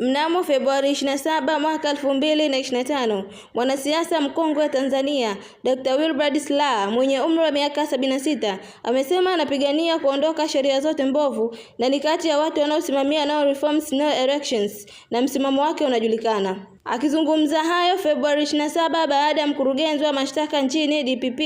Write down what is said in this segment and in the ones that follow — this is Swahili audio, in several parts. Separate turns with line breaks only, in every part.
Mnamo Februari 27 mwaka 2025, mwanasiasa mkongwe wa Tanzania Dr. Wilbrod Slaa mwenye umri wa miaka 76 amesema anapigania kuondoka sheria zote mbovu na ni kati ya watu wanaosimamia no reforms no elections na msimamo wake unajulikana. Akizungumza hayo Februari 27 baada ya mkurugenzi wa mashtaka nchini DPP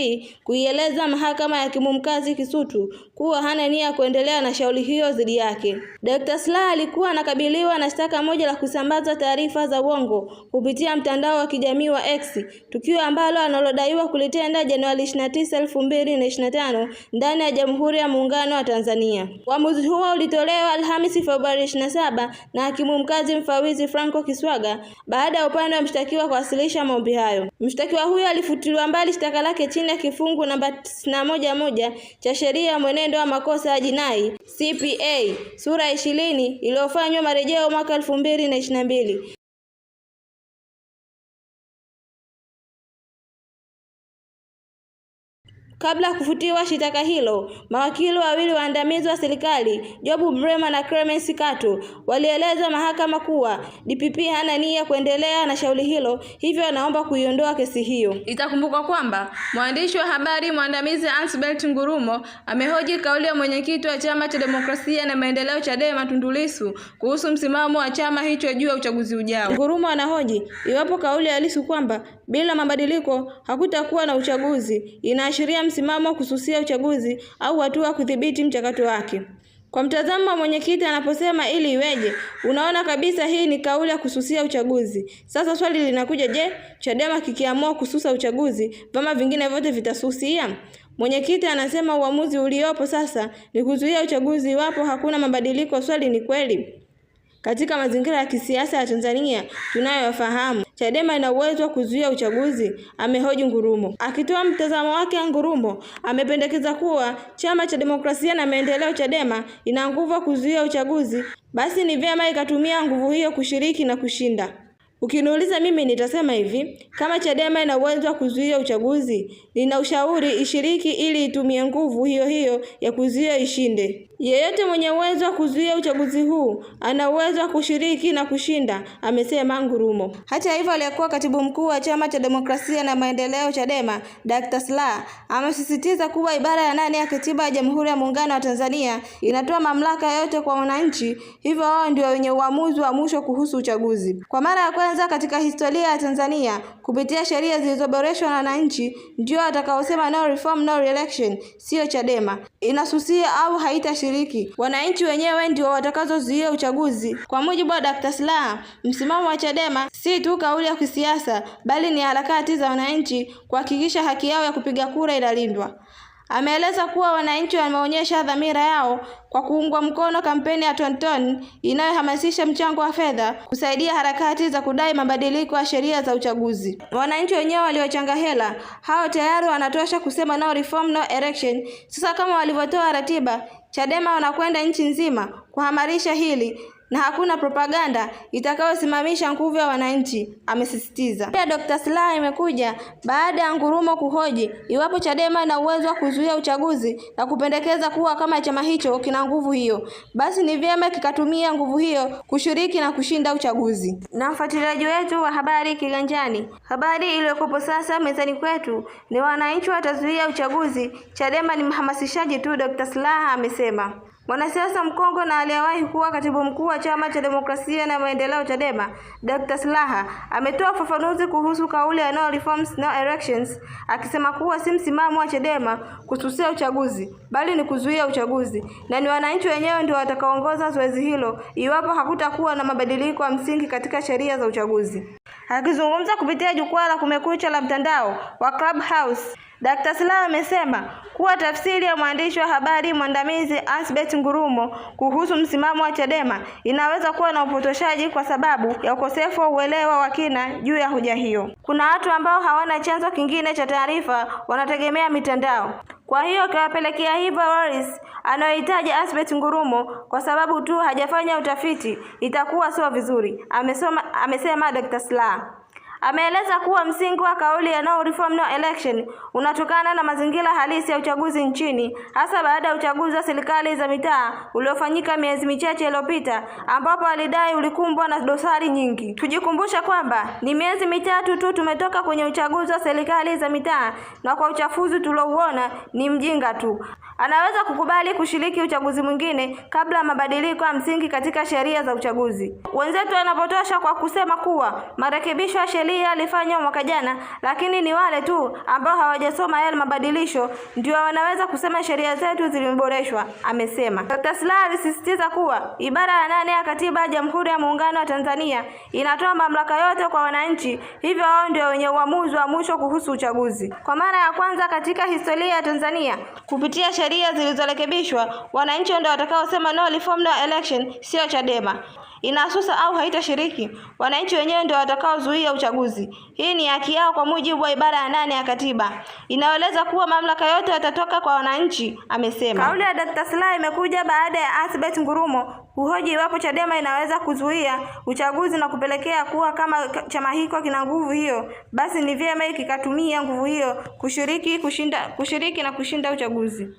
kuieleza mahakama ya hakimu mkazi Kisutu kuwa hana nia ya kuendelea na shauri hiyo dhidi yake. Dr. Slaa alikuwa anakabiliwa na shtaka moja moja la kusambaza taarifa za uongo kupitia mtandao wa kijamii wa X, tukio ambalo analodaiwa kulitenda Januari 29, 2025 ndani ya Jamhuri ya Muungano wa Tanzania. Uamuzi huo ulitolewa Alhamisi Februari 27 na hakimu mkazi mfawizi Franco Kiswaga baada ya upande wa mshtakiwa kuwasilisha maombi hayo. Mshtakiwa huyo alifutiliwa mbali shtaka lake chini ya kifungu namba 911 cha sheria ya mwenendo wa makosa ya jinai CPA sura 20 iliyofanywa marejeo mwaka ishirini na ishirini na mbili. Kabla ya kufutiwa shitaka hilo, mawakili wawili waandamizi wa serikali Job Mrema na Clemence Kato walieleza mahakama kuwa DPP hana nia kuendelea na shauri hilo, hivyo anaomba kuiondoa kesi hiyo.
Itakumbukwa kwamba mwandishi wa habari mwandamizi Ansbert Ngurumo amehoji kauli ya mwenyekiti wa Chama cha Demokrasia na Maendeleo Chadema Tundu Lissu kuhusu msimamo wa chama hicho juu ya uchaguzi ujao.
Ngurumo anahoji iwapo kauli ya Lissu kwamba bila mabadiliko hakutakuwa na uchaguzi inaashiria msimamo wa kususia uchaguzi au hatua kudhibiti mchakato wake. Kwa mtazamo wa mwenyekiti anaposema ili iweje, unaona kabisa hii ni kauli ya kususia uchaguzi. Sasa swali linakuja, je, Chadema kikiamua kususa uchaguzi, vyama vingine vyote vitasusia? Mwenyekiti anasema uamuzi uliopo sasa ni kuzuia uchaguzi iwapo hakuna mabadiliko. Swali ni kweli, katika mazingira ya kisiasa ya Tanzania tunayoyafahamu Chadema ina uwezo wa kuzuia uchaguzi, amehoji Ngurumo. Akitoa mtazamo wake, Ngurumo amependekeza kuwa chama cha demokrasia na maendeleo Chadema ina nguvu ya kuzuia uchaguzi, basi ni vyema ikatumia nguvu hiyo kushiriki na kushinda. Ukiniuliza mimi nitasema hivi, kama Chadema ina uwezo wa kuzuia uchaguzi, nina ushauri ishiriki ili itumie nguvu hiyo hiyo ya kuzuia ishinde. Yeyote mwenye uwezo wa kuzuia uchaguzi huu ana uwezo wa kushiriki na kushinda, amesema Ngurumo. Hata hivyo, aliyekuwa katibu mkuu wa chama cha demokrasia na maendeleo Chadema, Dr. Slaa amesisitiza kuwa ibara ya nane ya katiba ya Jamhuri ya Muungano wa Tanzania inatoa mamlaka yote kwa wananchi, hivyo wao ndio wenye uamuzi wa mwisho kuhusu uchaguzi. Kwa mara ya kwanza katika historia ya Tanzania, kupitia sheria zilizoboreshwa na wananchi, ndio watakaosema no reform, no election, siyo Chadema inasusia au haita kushiriki. Wananchi wenyewe ndio watakazozuia uchaguzi. Kwa mujibu wa Dr. Slaa, msimamo wa Chadema si tu kauli ya kisiasa, bali ni harakati za wananchi kuhakikisha haki yao ya kupiga kura inalindwa. Ameeleza kuwa wananchi wameonyesha dhamira yao kwa kuungwa mkono kampeni ya Tonton inayohamasisha mchango wa fedha kusaidia harakati za kudai mabadiliko ya sheria za uchaguzi. Wananchi wenyewe waliochanga hela hao tayari wanatosha kusema no reform, no election. Sasa kama walivyotoa ratiba Chadema wanakwenda nchi nzima kuhamarisha hili na hakuna propaganda itakayosimamisha nguvu ya wananchi, amesisitiza. Pia Dr. Slaa imekuja baada ya Ngurumo kuhoji iwapo Chadema ina uwezo wa kuzuia uchaguzi na kupendekeza kuwa kama chama hicho kina nguvu hiyo, basi ni vyema kikatumia nguvu hiyo kushiriki na kushinda uchaguzi.
Na mfuatiliaji wetu wa Habari Kiganjani, habari iliyokopo sasa mezani kwetu ni wananchi watazuia uchaguzi, Chadema ni mhamasishaji tu, Dr. Slaa amesema. Mwanasiasa mkongwe na aliyewahi kuwa katibu mkuu wa Chama cha Demokrasia na Maendeleo Chadema, Dr. Slaha ametoa ufafanuzi kuhusu kauli ya no reforms no elections, akisema kuwa si msimamo wa Chadema kususia uchaguzi, bali ni kuzuia uchaguzi na ni wananchi wenyewe ndio watakaoongoza zoezi hilo iwapo hakutakuwa na mabadiliko ya msingi katika sheria za uchaguzi. Akizungumza kupitia jukwaa la Kumekucha la mtandao wa Clubhouse Dkt. Slaa amesema kuwa tafsiri ya mwandishi wa habari mwandamizi Asbeth Ngurumo kuhusu msimamo wa Chadema inaweza kuwa na upotoshaji kwa sababu ya ukosefu wa uelewa wa kina juu ya hoja hiyo. Kuna watu ambao hawana chanzo kingine cha taarifa, wanategemea mitandao. Kwa hiyo akiwapelekea hivyo Wallace anayohitaji Asbeth Ngurumo kwa sababu tu hajafanya utafiti, itakuwa sio vizuri, amesoma amesema Dkt. Slaa. Ameeleza kuwa msingi wa kauli ya no reform no election unatokana na mazingira halisi ya uchaguzi nchini, hasa baada ya uchaguzi wa serikali za mitaa uliofanyika miezi michache iliyopita, ambapo alidai ulikumbwa na dosari nyingi. Tujikumbusha kwamba ni miezi mitatu tu tumetoka kwenye uchaguzi wa serikali za mitaa, na kwa uchafuzi tulouona ni mjinga tu. Anaweza kukubali kushiriki uchaguzi mwingine kabla ya mabadiliko ya msingi katika sheria za uchaguzi. Wenzetu wanapotosha kwa kusema kuwa marekebisho ya sheria Biblia alifanywa mwaka jana, lakini ni wale tu ambao hawajasoma yale mabadilisho ndio wanaweza kusema sheria zetu zilimboreshwa, amesema. Dr. Slaa alisisitiza kuwa ibara ya nane ya katiba ya Jamhuri ya Muungano wa Tanzania inatoa mamlaka yote kwa wananchi, hivyo wao ndio wenye uamuzi wa mwisho kuhusu uchaguzi. Kwa mara ya kwanza katika historia ya Tanzania, kupitia sheria zilizorekebishwa, wananchi ndio watakaosema no reform no election, sio Chadema inasusa au haitashiriki, wananchi wenyewe ndio watakaozuia uchaguzi. Hii ni haki yao kwa mujibu wa ibara ya nane ya katiba inayoeleza kuwa mamlaka yote yatatoka kwa wananchi, amesema. Kauli ya Dr. Slaa imekuja baada ya Asbeth Ngurumo kuhoji iwapo Chadema inaweza kuzuia uchaguzi na kupelekea kuwa kama chama hiko kina nguvu hiyo, basi ni vyema kikatumia nguvu hiyo kushiriki kushinda, kushiriki na kushinda uchaguzi.